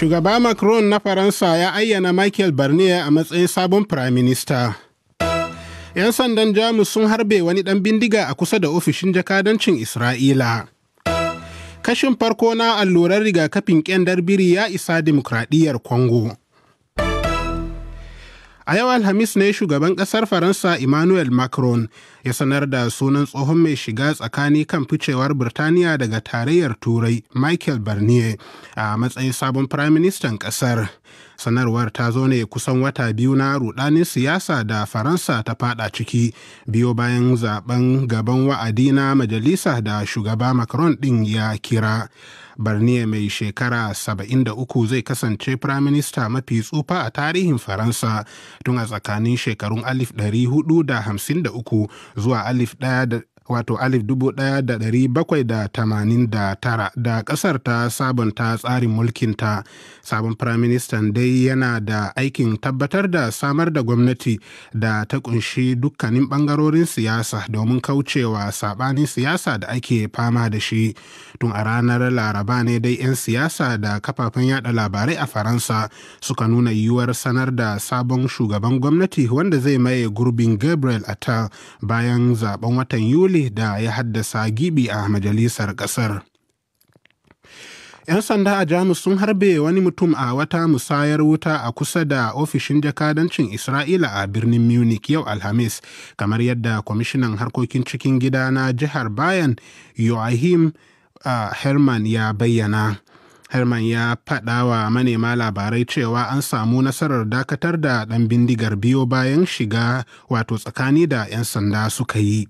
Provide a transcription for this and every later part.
Shugaba Macron na Faransa ya ayyana Michael Barnier a matsayin sabon firaminista. 'Yan sandan Jamus sun harbe wani ɗan bindiga a kusa da ofishin jakadancin Isra'ila. Kashin farko na allurar rigakafin ƙyandar biri ya isa dimokradiyyar Congo. A yau Alhamis ne shugaban ƙasar Faransa Emmanuel Macron ya sanar da sunan tsohon mai shiga tsakani kan ficewar Birtaniya daga tarayyar Turai Michael Barnier a matsayin sabon firaministan ƙasar. Sanarwar ta zo ne kusan wata biyu na rudanin siyasa da Faransa ta fada ciki biyo bayan zaben gaban wa'adi na majalisa da shugaba Macron ɗin ya kira. Barnier mai shekara 73 zai kasance firaminista mafi tsufa a tarihin Faransa tun a tsakanin shekarun 1453 zuwa alif ɗaya da wato alif dubu ɗaya da ɗari bakwai da tamanin da tara da ƙasar ta sabunta tsarin mulkinta sabon firaministan dai yana da aikin tabbatar da samar da gwamnati da ta kunshi dukkanin bangarorin siyasa domin kaucewa saɓanin siyasa da ake fama da shi tun a ranar laraba ne dai 'yan siyasa da kafafen yada labarai a faransa suka nuna yiwuwar sanar da sabon shugaban gwamnati wanda zai maye gurbin gabriel attal bayan zaben watan yuli da ya haddasa gibi a majalisar kasar. 'yan sanda a jamus sun harbe wani mutum a wata musayar wuta a kusa da ofishin jakadancin isra'ila a birnin munich yau alhamis kamar yadda kwamishinan harkokin cikin gida na jihar bayan yohim herman ya bayyana herman ya faɗa wa manema labarai cewa an samu nasarar dakatar da ɗan bindigar biyo bayan shiga wato tsakani da 'yan sanda suka yi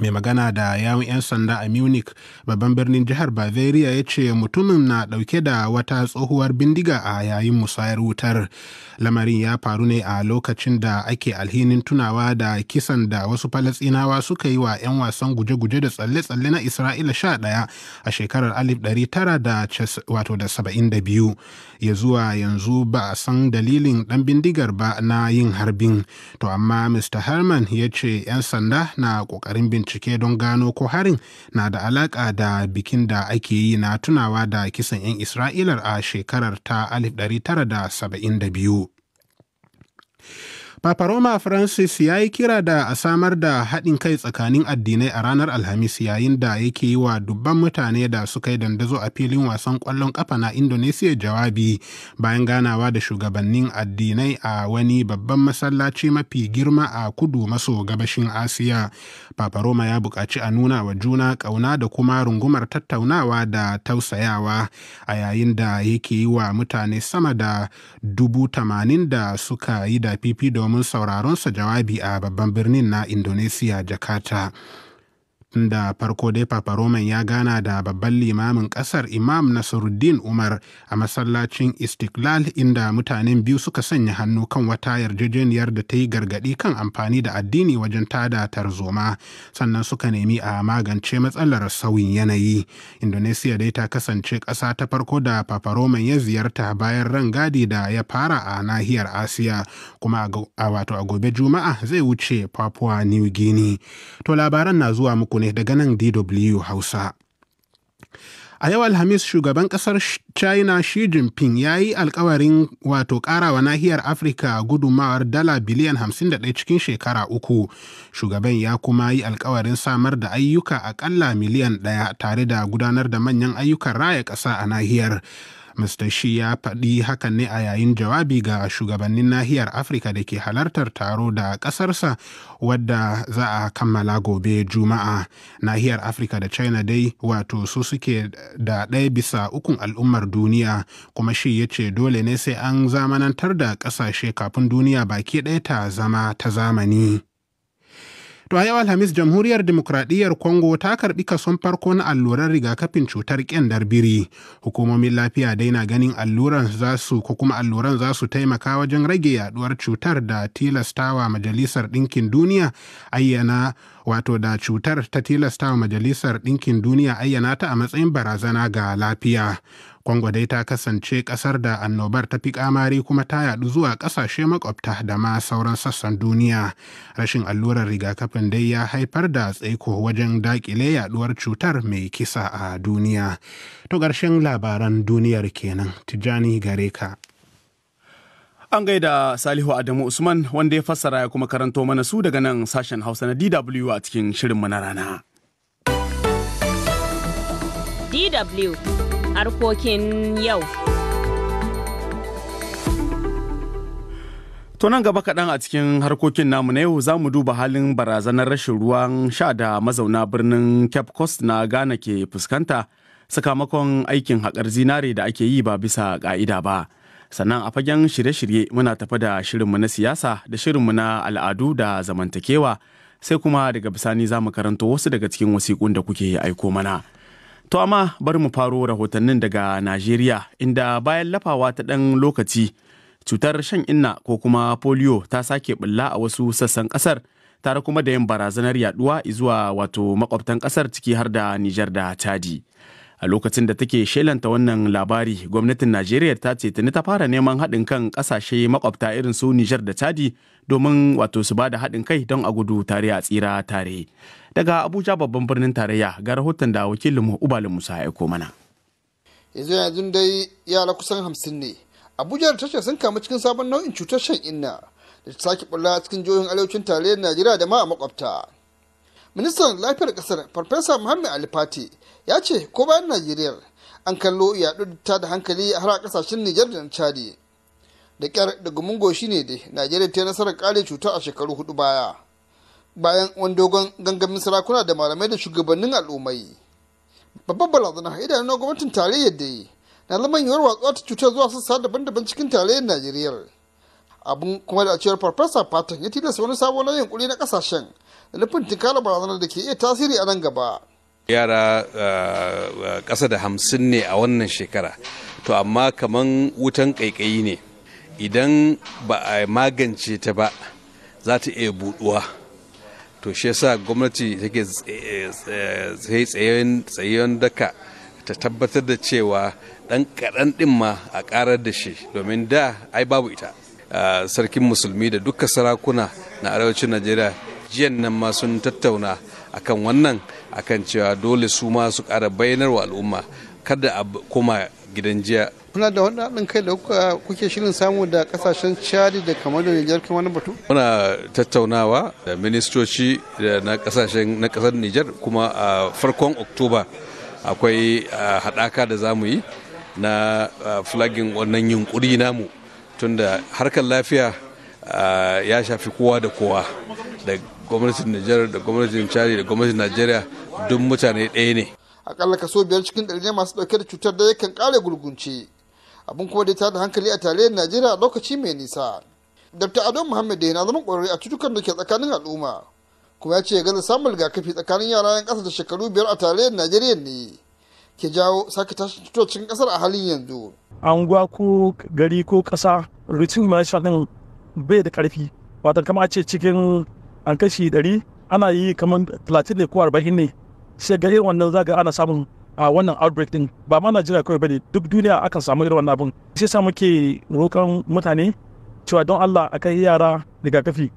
mai magana da yawun 'yan sanda a munich babban birnin jihar bavaria ya ce mutumin na dauke da wata tsohuwar bindiga a yayin musayar wutar lamarin ya faru ne a lokacin da ake alhinin tunawa da kisan da wasu falasinawa suka yi wa 'yan wasan guje-guje da tsalle-tsalle na isra'ila sha ɗaya a shekarar 1972 ya zuwa yanzu ba a san dalilin dan bindigar ba na yin harbin to amma mr herman ya ce 'yan sanda na kokarin bincike don gano ko harin na da alaka da bikin da ake yi na tunawa da kisan 'yan Isra'ilar a shekarar ta 1972. paparoma Roma Francis ya yi kira da a samar da haɗin kai tsakanin addinai a ranar Alhamis yayin da yake yi wa dubban mutane da suka yi dandazo a filin wasan ƙwallon ƙafa na Indonesia jawabi bayan ganawa da shugabannin addinai a wani babban masallaci mafi girma a kudu maso gabashin Asiya. paparoma ya buƙaci a nuna wa juna ƙauna da kuma rungumar tattaunawa da tausayawa a yayin da yake yi wa mutane sama da dubu tamanin da suka yi da fifi da domin sauraron sa jawabi a babban birnin na Indonesia Jakarta. inda farko dai Papa ya gana da babban limamin ƙasar Imam Nasiruddin Umar a masallacin Istiklal inda mutanen biyu suka sanya hannu kan wata yarjejeniyar da ta yi gargaɗi kan amfani da addini wajen tada tarzoma sannan suka nemi a magance matsalar sauyin yanayi. Indonesia dai ta kasance ƙasa ta farko da Papa ya ziyarta bayan rangadi da ya fara a nahiyar Asiya kuma a wato a gobe Juma'a zai wuce Papua New Guinea. To labaran na zuwa muku ne daga nan DW Hausa. A yau Alhamis shugaban kasar China Xi Jinping ya yi alkawarin wato karawa nahiyar Afirka gudumawar dala biliyan 51 cikin shekara uku. Shugaban ya kuma yi alkawarin samar da ayyuka akalla miliyan ɗaya tare da gudanar da manyan ayyukan raya ƙasa a nahiyar. Mr. Shi ya faɗi hakan ne a yayin jawabi ga shugabannin nahiyar Afirka da ke halartar taro da ƙasarsa wadda za a kammala gobe Juma'a. Nahiyar Afirka da China dai wato su suke da ɗaya bisa ukun al'ummar duniya kuma shi ya ce dole ne sai an zamanantar da ƙasashe kafin duniya baki ɗaya ta zama ta zamani. To a yau Alhamis Jamhuriyar demokradiyyar Congo ta karbi kason farko na alluran rigakafin cutar kyandar biri. Hukumomin lafiya dai na ganin alluran za su ko kuma alluran za su taimaka wajen rage yaduwar cutar da tilastawa Majalisar Ɗinkin Duniya ayyana wato da cutar ta tilastawa Majalisar Ɗinkin Duniya ayyana ta a matsayin barazana ga lafiya. Kongo dai ta kasance ƙasar da annobar ta fi kamari kuma ta yadu zuwa ƙasashe makwabta da ma sauran sassan duniya. Rashin allurar rigakafin dai ya haifar da tsaiko wajen dakile yaduwar cutar mai kisa a duniya. To ƙarshen labaran duniyar kenan, Tijjani Gareka. An gaida Salihu Adamu Usman wanda ya fassara ya kuma karanto mana su daga nan sashen Hausa na DW a cikin shirinmu na rana. DW harkokin yau. To nan gaba kaɗan a cikin harkokin namu na yau za mu duba halin barazanar rashin ruwan sha da mazauna birnin Cape Coast na Ghana ke fuskanta sakamakon aikin haƙar zinare da ake yi ba bisa ƙa'ida ba. Sannan a fagen shirye-shirye muna tafa da shirinmu na siyasa da shirinmu na al'adu da zamantakewa sai kuma daga bisani za mu karanto wasu daga cikin wasiƙun da kuke aiko mana. To amma bari mu faro rahotannin daga Najeriya inda bayan lafawa ta ɗan lokaci cutar shan inna ko kuma polio ta sake bulla a wasu sassan ƙasar tare kuma da yin barazanar yaduwa zuwa wato makwabtan ƙasar ciki har da Nijar da Chadi. A lokacin da take shelanta wannan labari gwamnatin Najeriya ta ce tuni ta fara neman haɗin kan ƙasashe makwabta irin su Nijar da Chadi domin wato su ba da haɗin kai don a gudu tare a tsira tare. Daga Abuja babban birnin tarayya ga rahoton da wakilinmu Ubalin Musa ya aiko mana. Yanzu yanzu dai yara kusan hamsin ne. Abuja da tashar sun kamu cikin sabon nau'in cutar shan inna da ta sake bulla cikin jihohin arewacin tarayyar Najeriya da ma a makwabta. Ministan lafiyar kasar Farfesa Muhammad Ali Fati ya ce ko bayan Najeriya an kallo yaɗu ta da hankali a har a kasashen Nijar da Chadi. Da kyar da mungo shine dai Najeriya ta nasarar kare cutar a shekaru hudu baya. bayan wani dogon gangamin sarakuna da malamai da shugabannin al'ummai babban barazana idanun na gwamnatin tarayyar da yi na zaman yiwuwar watsuwa ta cutar zuwa sassa daban-daban cikin tarayyar najeriya abun kuma da cewar farfesa fatan ya tilasta wani sabon nauyin kuri na kasashen da nufin tinkala barazana da ke iya tasiri a nan gaba yara kasa eh, eh, da hamsin ne a wannan shekara to amma kamar wutan kaikayi ne idan ba a magance ta ba za ta iya buɗuwa to shi yasa gwamnati take eh, eh, tsayen daka ta tabbatar da cewa dan kaɗan ɗin ma a ƙarar da shi domin da ai babu ita sarkin musulmi da dukkan sarakuna na arewacin najeriya jiyan nan ma sun tattauna akan wannan akan cewa dole su ma su ƙara bayyanarwa al'umma kada a koma gidan jiya kuna da wani haɗin kai da kuke shirin samu da kasashen chadi da kamar da nijar kan wani batu muna tattaunawa da ministoci na kasashen na kasar nijar kuma a farkon oktoba akwai haɗaka da za mu yi na flagging wannan yunkuri namu tunda harkar lafiya ya shafi kowa da kowa da gwamnatin nijar da gwamnatin chadi da gwamnatin najeriya duk mutane ɗaya ne akalla kaso biyar cikin ɗari ne masu ɗauke da cutar da yakan ƙare gurgunce abin kuma dai ta da hankali a tarayyar najeriya a lokaci mai nisa dr ado muhammad da yana zama kwararre a cutukan da ke tsakanin al'umma kuma ya ce ya gaza samun rigakafi tsakanin yara yan kasa da shekaru biyar a tarayyar najeriya ne ke jawo sake tashin cutocin kasar a halin yanzu anguwa ko gari ko rutin ma management din bai da karfi wato kama a ce cikin an kashi dari ana yi kamar talatin ne ko arba'in ne sai ga irin wannan zaga ana samun a wannan outbreak din ba ma Najeriya kawai bane duk duniya akan samu irin wannan abun. sai sa muke roƙon mutane cewa don Allah a kai yara rigakafi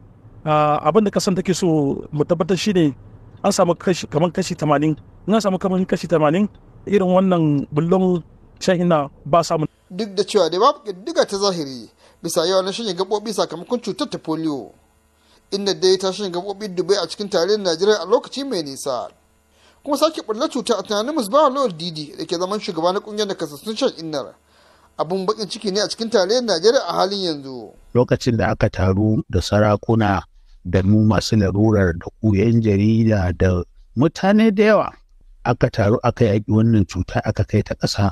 abin da kasan take so mu tabbatar shine an samu kashi kamar kashi 80 in an samu kamar kashi 80 irin wannan bullon shahina ba samu duk da cewa dai babu diga ta zahiri bisa yawa na shanye gabobi sakamakon cutar ta polio inda dai ta shanye gabobi dubai a cikin tarihin Najeriya a lokaci mai nisa kuma sake ɓulla cuta a tunanin musbawa lawal didi da ke zaman shugaba na ƙungiyar nakasassun shan innar abun bakin ciki ne a cikin tarayyar najeriya a halin yanzu lokacin da aka taru da sarakuna da mu masu larurar da ku jarida da mutane da yawa aka taru aka yaƙi wannan cuta aka kai ta ƙasa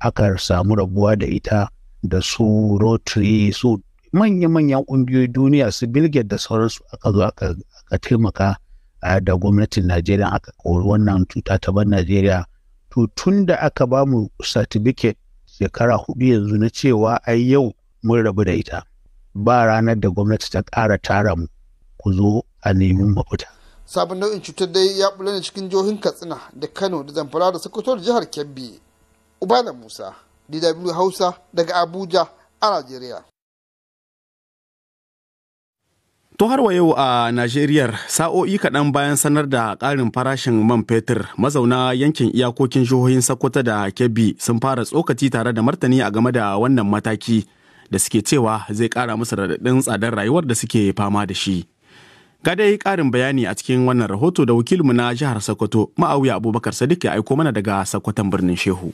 aka samu rabuwa da ita da su rotary su manya-manyan ƙungiyoyi duniya su bilge da sauransu aka zo aka taimaka da gwamnatin Najeriya aka kori wannan cuta ta ban Najeriya to tun da aka ba mu certificate shekara hudu yanzu na cewa ai yau mun rabu da ita ba ranar da gwamnati ta ƙara tara mu ku zo a nemi mafita. sabon nau'in cutar dai ya bula ne cikin jihohin katsina da kano da zamfara da sokoto da jihar kebbi Ubana musa dw hausa daga abuja a najeriya To har yau a Najeriya sa'o'i kaɗan bayan sanar da ƙarin farashin man fetur mazauna yankin iyakokin jihohin Sokoto da Kebbi sun fara tsokaci tare da martani a game da wannan mataki da suke cewa zai ƙara musu raɗaɗin tsadar rayuwar da suke fama da shi. Ga dai ƙarin bayani a cikin wannan rahoto da wakilmu na jihar Sokoto ma'auya Abubakar Sadiq ya aiko mana daga Sokoton birnin Shehu.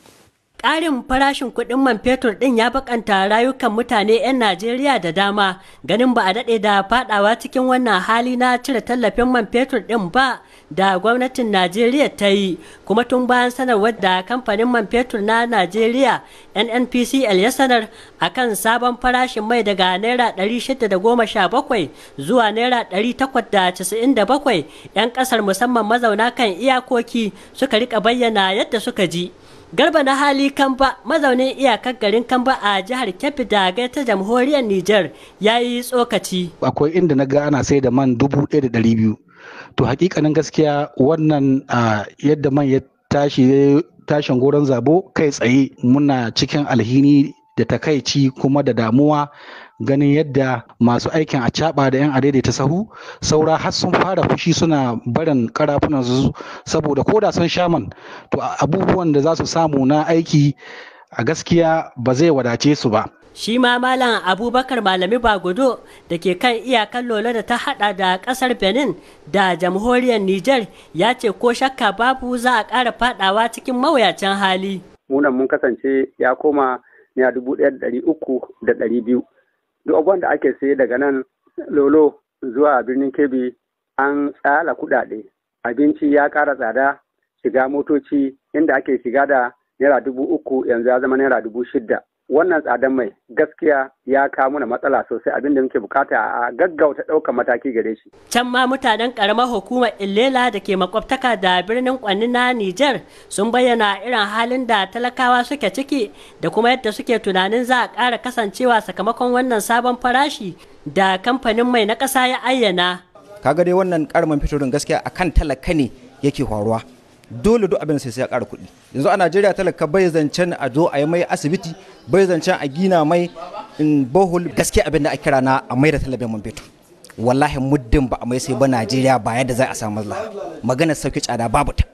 Ƙarin farashin kuɗin man fetur ɗin ya bakanta rayukan mutane 'yan Najeriya da dama ganin ba a daɗe da faɗawa cikin wannan hali na cire tallafin man fetur ɗin ba da gwamnatin Najeriya ta yi kuma tun bayan sanarwar da kamfanin man fetur na Najeriya NNPCL ya sanar a kan sabon farashin mai daga Naira 617 zuwa Naira 897 'yan ƙasar musamman mazauna kan iyakoki suka rika bayyana yadda suka ji. Garba na hali Kamba mazaunin iyakar garin Kamba a jihar Kebbi da ta jamhuriyar Nijar ya yi tsokaci. Akwai inda na ga ana sai da man dubu ɗaya da ɗari biyu. To hakikanin gaskiya wannan yadda man ya tashi tashin goron zabo kai tsaye muna cikin alhini da takaici kuma da damuwa ganin yadda masu aikin acaɓa da 'yan adaidaita sahu saura har sun fara fushi suna barin karafunan su saboda koda sun shaman to abubuwan da za su samu na aiki a gaskiya ba zai wadace su ba shi ma malam abubakar malami bagudo da ke kan iyakar lola da ta hada da kasar benin da jamhuriyar niger ya ce ko shakka babu za a ƙara fadawa cikin mawuyacin hali munan mun kasance ya koma a dubu ɗaya da ɗari uku da ɗari biyu duk abubuwan da ake saye daga nan lolo zuwa birnin kebbi an tsala kuɗaɗe abinci ya kara tsada shiga motoci inda ake shiga da naira dubu uku yanzu ya zama naira dubu shidda wannan tsadan mai gaskiya ya kawo mana matsala sosai abin da muke bukata a gaggauta ɗaukar mataki gare shi. Can ma mutanen ƙaramar hukumar Ilela da ke makwabtaka da birnin Kwanni na Nijar sun bayyana irin halin da talakawa suke ciki da kuma yadda suke tunanin za a ƙara kasancewa sakamakon wannan sabon farashi da kamfanin mai na ƙasa ya ayyana. Kaga dai wannan ƙaramin fitorin gaskiya akan talaka ne yake faruwa. dole duk abin sai ya ƙara kuɗi yanzu a najeriya talaka bai zancen a zo a yi mai asibiti bai zancen a gina mai in bohol gaskiya abin da a kira na a mai da talabin man fetur wallahi muddin ba a mai sai ba najeriya ba yadda za a samu maslaha maganar sauke tsada babu ta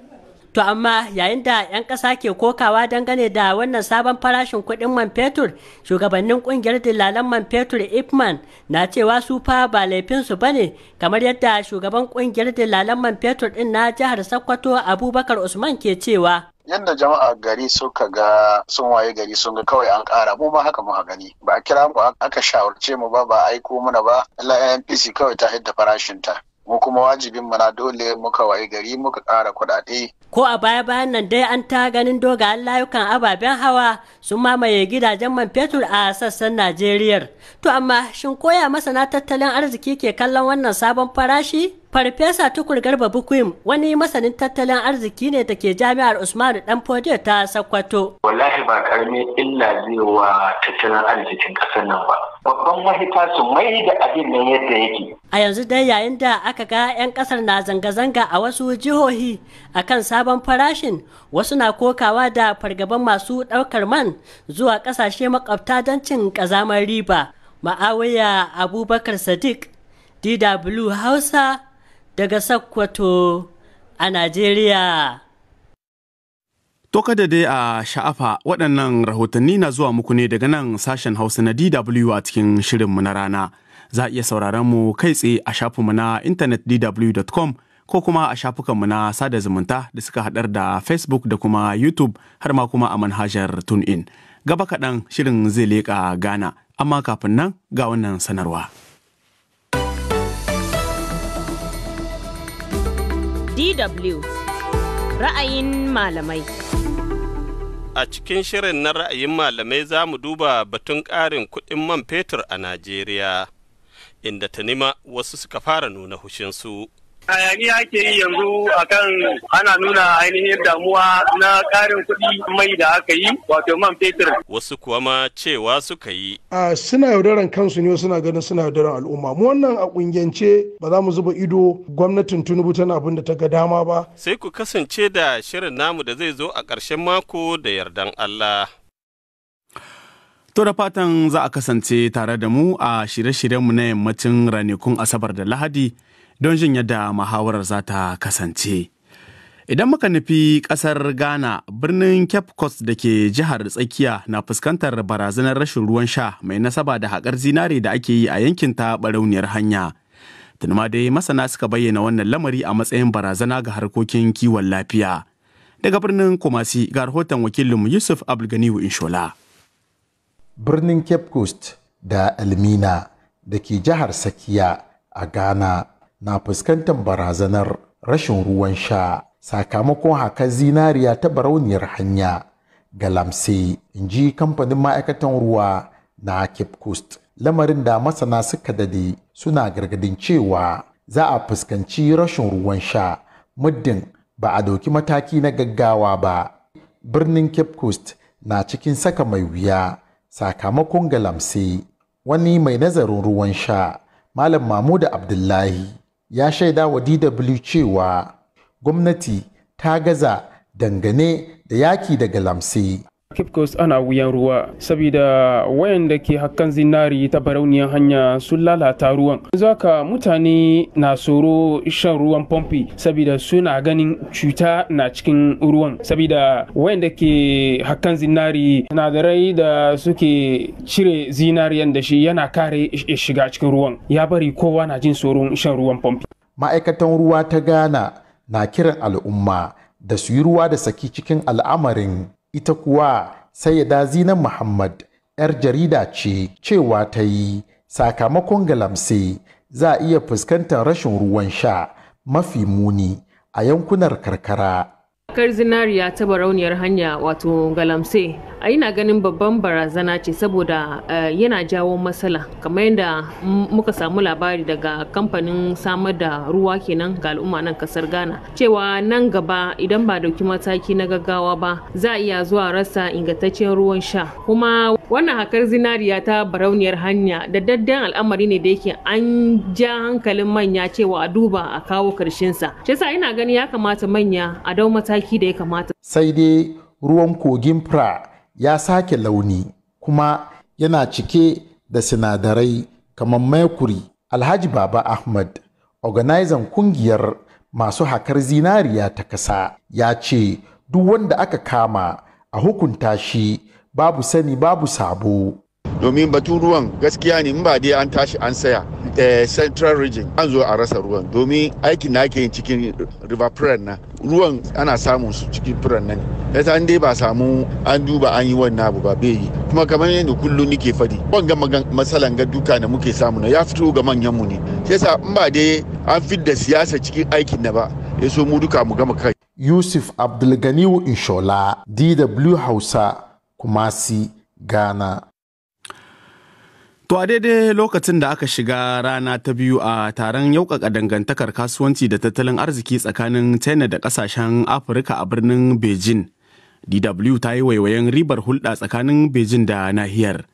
To amma yayin da 'yan ƙasa ke kokawa dangane da wannan sabon farashin kuɗin man fetur, shugabannin ƙungiyar dillalan man fetur Ipman na cewa su fa ba laifinsu ba ne, kamar yadda shugaban ƙungiyar dillalan man fetur ɗin na jihar Sokoto Abubakar Usman ke cewa. yadda jama'a gari suka ga sun waye gari sun ga kawai an kara mu ma haka muka gani ba a kira mu aka shawarce mu ba ba aiko mana ba NPC kawai ta hidda farashin ta mu kuma wajibin mana dole muka waye gari muka kara kuɗaɗe ko a baya-bayan nan dai an ta ganin dogayen layukan ababen hawa sun mamaye gidajen man fetur a sassan najeriya to amma shin koya masana tattalin arziki ke kallon wannan sabon farashi Farfesa Tukur Garba Bukuim wani masanin tattalin arziki ne da ke jami'ar Usmanu Danfodiyo ta Sokoto. Wallahi ba karmi illa zai tattalin arzikin ƙasar nan ba. Babban mahita su mai da abin nan yadda yake. A yanzu dai yayin da aka ga 'yan ƙasar na zanga-zanga a wasu jihohi akan sabon farashin wasu na kokawa da fargaban masu ɗaukar man zuwa ƙasashe makwabta don cin ƙazamar riba. Ma'awiya Abubakar Sadiq, DW Hausa, daga Sokoto a Najeriya. To da dai a sha'afa waɗannan rahotanni na zuwa muku ne daga nan sashen Hausa na DW a cikin shirinmu na rana. Za a iya sauraron mu kai tsaye a shafinmu na intanet dw.com ko kuma a shafukanmu na sada zumunta da suka haɗar da Facebook da kuma YouTube har ma kuma a manhajar TuneIn. Gaba kaɗan shirin zai leƙa Ghana, amma kafin nan ga wannan sanarwa. DW ra'ayin malamai. A cikin shirin na ra'ayin malamai za mu duba batun ƙarin kuɗin man fetur a Najeriya, inda ta nima wasu suka fara nuna hushinsu. hayaniya ake yi yanzu akan ana nuna ainihin damuwa na karin kuɗi mai da aka yi wato man fetur. Wasu kuwa ma cewa suka yi. A suna yaudaran kansu ne suna ganin suna yaudaran al'umma. Mu wannan a kungiyance ba za mu zuba ido gwamnatin tunubu tana abin da ta ga dama ba. Sai ku kasance da shirin namu da zai zo a ƙarshen mako da yardan Allah. To fatan za a kasance tare da mu a shirye-shiryenmu na yammacin ranakun Asabar da Lahadi. don jin yadda muhawarar za ta kasance. Idan muka nufi ƙasar Ghana, birnin Cape Coast da ke jihar tsakiya na fuskantar barazanar rashin ruwan sha mai nasaba da haƙar zinare da ake yi a yankin ta barauniyar hanya. Tunma dai masana suka bayyana wannan lamari a matsayin barazana ga harkokin kiwon lafiya. Daga birnin Kumasi ga rahoton wakilinmu Yusuf Abulganiyu Inshola. Birnin Cape Coast da Elmina da ke jihar Sakiya a Ghana na fuskantar barazanar rashin ruwan sha sakamakon haka zinariya ta barauniyar hanya galamse in ji kamfanin ma'aikatan ruwa na cape coast lamarin da masana suka dade suna gargadin cewa za a fuskanci rashin ruwan sha muddin ba a dauki mataki na gaggawa ba birnin cape coast na cikin saka mai wuya sakamakon galamse wani mai nazarin ruwan sha malam mahmud abdullahi ya shaida wa DW cewa gwamnati ta gaza dangane da yaki daga lamsi. Coast ana wuyan ruwa saboda wayanda ke hakan zinari ta barauniyan hanya sun lalata ruwan. haka mutane na tsoro shan ruwan pompi saboda suna ganin cuta na cikin ruwan saboda wayanda ke hakan zinari sinadarai da suke cire zinariyan da shi yana kare shiga cikin ruwan ya bari kowa na jin tsoron shan ruwan pompi. Ma'aikatan ruwa ta Ghana na kiran al'umma da su yi ruwa da saki cikin al'amarin ita kuwa sayyada zinan muhammad 'yar jarida ce cewa ta yi sakamakon galamse za a iya fuskantar rashin ruwan sha mafi muni a yankunan karkara. Kar zinariya ta barauniyar hanya wato galamse a na ganin babban barazana ce saboda eh, yana jawo matsala kamar yadda muka samu labari daga kamfanin samar da ruwa kenan ga al'umma nan kasar ghana cewa nan gaba idan ba dauki mataki na gaggawa ba za a iya zuwa rasa ingantaccen ruwan sha kuma wannan hakar zinariya ta barauniyar hanya da daddan al'amari ne da yake an ja hankalin manya cewa a duba a kawo karshensa shi yasa ina gani ya kamata manya a dau mataki da ya kamata sai dai ruwan kogin pra ya sake launi kuma yana cike da sinadarai kamar mercury. Alhaji Baba Ahmad, organizan kungiyar masu hakar zinariya ta ƙasa, ya ce duk wanda aka kama a hukunta shi babu sani babu sabo. domin batun ruwan gaskiya ne in ba dai an tashi an saya eh, central region an zo a rasa ruwan domin aikin na ake yin cikin river prairie na ruwan ana samun su cikin furen nan yasa an dai ba samu an duba an yi wannan abu ba bai yi kuma kamar yadda kullum nike fadi wanga matsalan ga duka da muke samu na ya fito ga manyan mu ne yasa in ba dai an fidda siyasa cikin aikin na ba ya so mu duka mu gama kai Yusuf Abdulganiwu Inshola DW Hausa Kumasi Ghana To a daidai lokacin da aka shiga rana ta biyu a taron yaukaka dangantakar kasuwanci da tattalin arziki tsakanin China da kasashen Afirka a birnin Beijing, DW ta yi waiwayen ribar hulɗa tsakanin Beijing da nahiyar.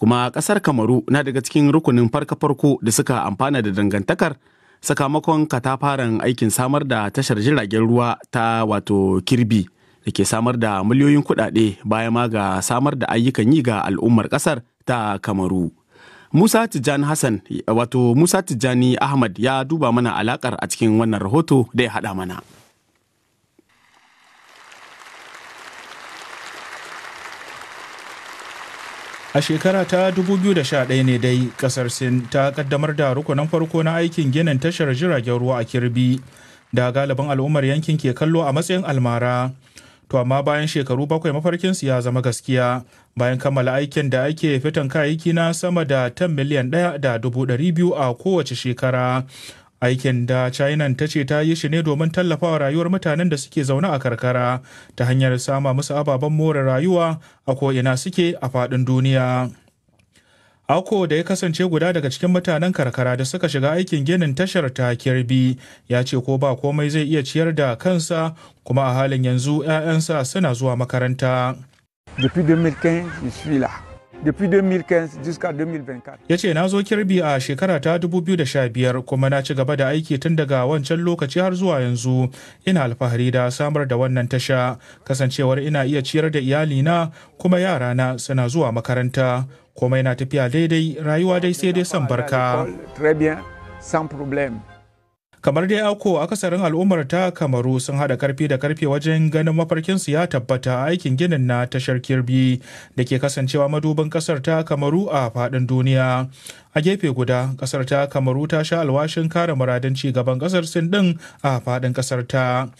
Kuma ƙasar Kamaru na daga cikin rukunin farko-farko da suka amfana da dangantakar sakamakon katafaren aikin samar da tashar jiragen ruwa ta wato Kirbi da ke samar da miliyoyin kuɗaɗe baya ma ga samar da ayyukan yi ga al'ummar ƙasar ta Kamaru. Musa Tijjani Hassan wato Musa tijani Ahmad ya duba mana alakar a cikin wannan rahoto da ya haɗa mana. A shekara ta 2011 ne dai kasar Sin ta kaddamar da rukunin farko na aikin ginin tashar jiragen ruwa a Kirbi da galibin al'ummar yankin ke kallo a matsayin almara. to amma bayan shekaru bakwai mafarkinsu ya zama gaskiya bayan kammala aikin da ake fitan kayayyaki na sama da 10 miliyan ɗaya da dubu ɗari biyu a kowace shekara aikin da china ta ce ta yi shi ne domin tallafawa rayuwar mutanen da suke zaune a karkara ta hanyar sama musu ababen more rayuwa a ko'ina suke a faɗin duniya Ako da ya kasance guda daga cikin mutanen karkara da suka shiga aikin ginin tashar ta kirbi ya ce ko ba komai zai iya ciyar da kansa kuma a halin yanzu 'ya'yansa suna zuwa makaranta. depuis 2015 jusqu'à 2024. Ya ce na zo Kirbi a shekara ta 2015 kuma na ci gaba da aiki tun daga wancan lokaci har zuwa yanzu. Ina alfahari da samar da wannan tasha kasancewar ina iya ciyar da iyalina kuma yarana suna zuwa makaranta. Komai na tafiya daidai rayuwa dai sai dai san barka. Très bien, sans problème. kamar dai ako akasarin al'ummar ta kamaru sun hada karfi da karfe wajen ganin mafarkinsu ya tabbata aikin ginin na tashar kirbi da ke kasancewa madubin kasar ta kamaru a faɗin duniya a gefe guda kasar ta kamaru ta sha alwashin kare muradin ci gaban kasar sin din a faɗin kasar ta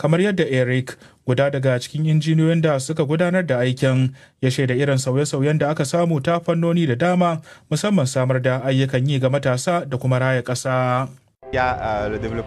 kamar yadda eric guda daga cikin injiniyoyin da suka gudanar da aikin ya shaida irin sauye-sauyen da aka samu ta fannoni da dama musamman samar da ayyukan yi ga matasa da kuma raya ƙasa. Il y a euh, le développement